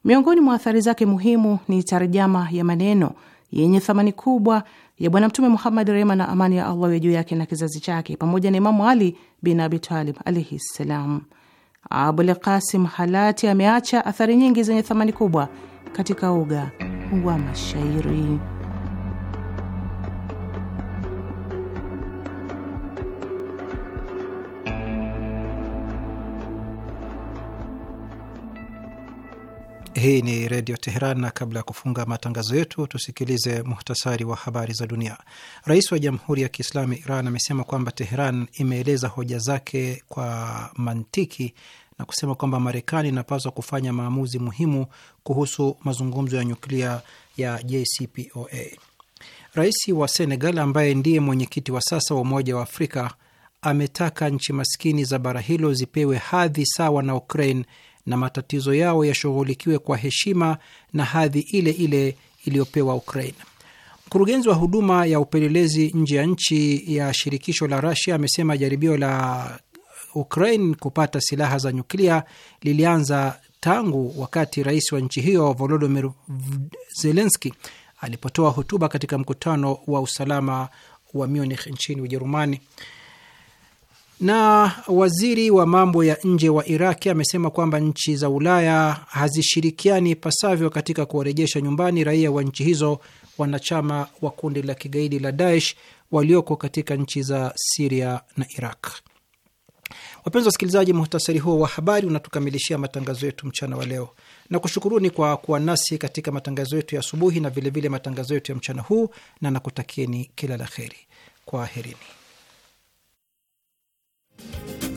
Miongoni mwa athari zake muhimu ni tarjama ya maneno yenye thamani kubwa ya Bwana Mtume Muhammad, rehma na amani ya Allah juu yake na kizazi chake, pamoja na Imamu Ali bin Abitalib alaihi ssalam. Abul Qasim Halati ameacha athari nyingi zenye thamani kubwa katika uga wa mashairi. Hii ni Redio Teheran, na kabla ya kufunga matangazo yetu tusikilize muhtasari wa habari za dunia. Rais wa Jamhuri ya Kiislamu Iran amesema kwamba Teheran imeeleza hoja zake kwa mantiki na kusema kwamba Marekani inapaswa kufanya maamuzi muhimu kuhusu mazungumzo ya nyuklia ya JCPOA. Rais wa Senegal ambaye ndiye mwenyekiti wa sasa wa Umoja wa Afrika ametaka nchi maskini za bara hilo zipewe hadhi sawa na Ukraine na matatizo yao yashughulikiwe kwa heshima na hadhi ile ile iliyopewa Ukraine. Mkurugenzi wa huduma ya upelelezi nje ya nchi ya shirikisho la rasia amesema jaribio la Ukraine kupata silaha za nyuklia lilianza tangu wakati rais wa nchi hiyo Volodymyr Zelensky alipotoa hotuba katika mkutano wa usalama wa Munich nchini Ujerumani. Na waziri wa mambo ya nje wa Iraki amesema kwamba nchi za Ulaya hazishirikiani pasavyo katika kuwarejesha nyumbani raia wa nchi hizo wanachama wa kundi la kigaidi la Daesh walioko katika nchi za Siria na Iraq. Wapenzi wa wasikilizaji, muhtasari huo wa habari unatukamilishia matangazo yetu mchana wa leo na kushukuruni kwa kuwa nasi katika matangazo yetu ya asubuhi na vilevile matangazo yetu ya mchana huu, na nakutakieni kila la heri. Kwaherini. Thank you.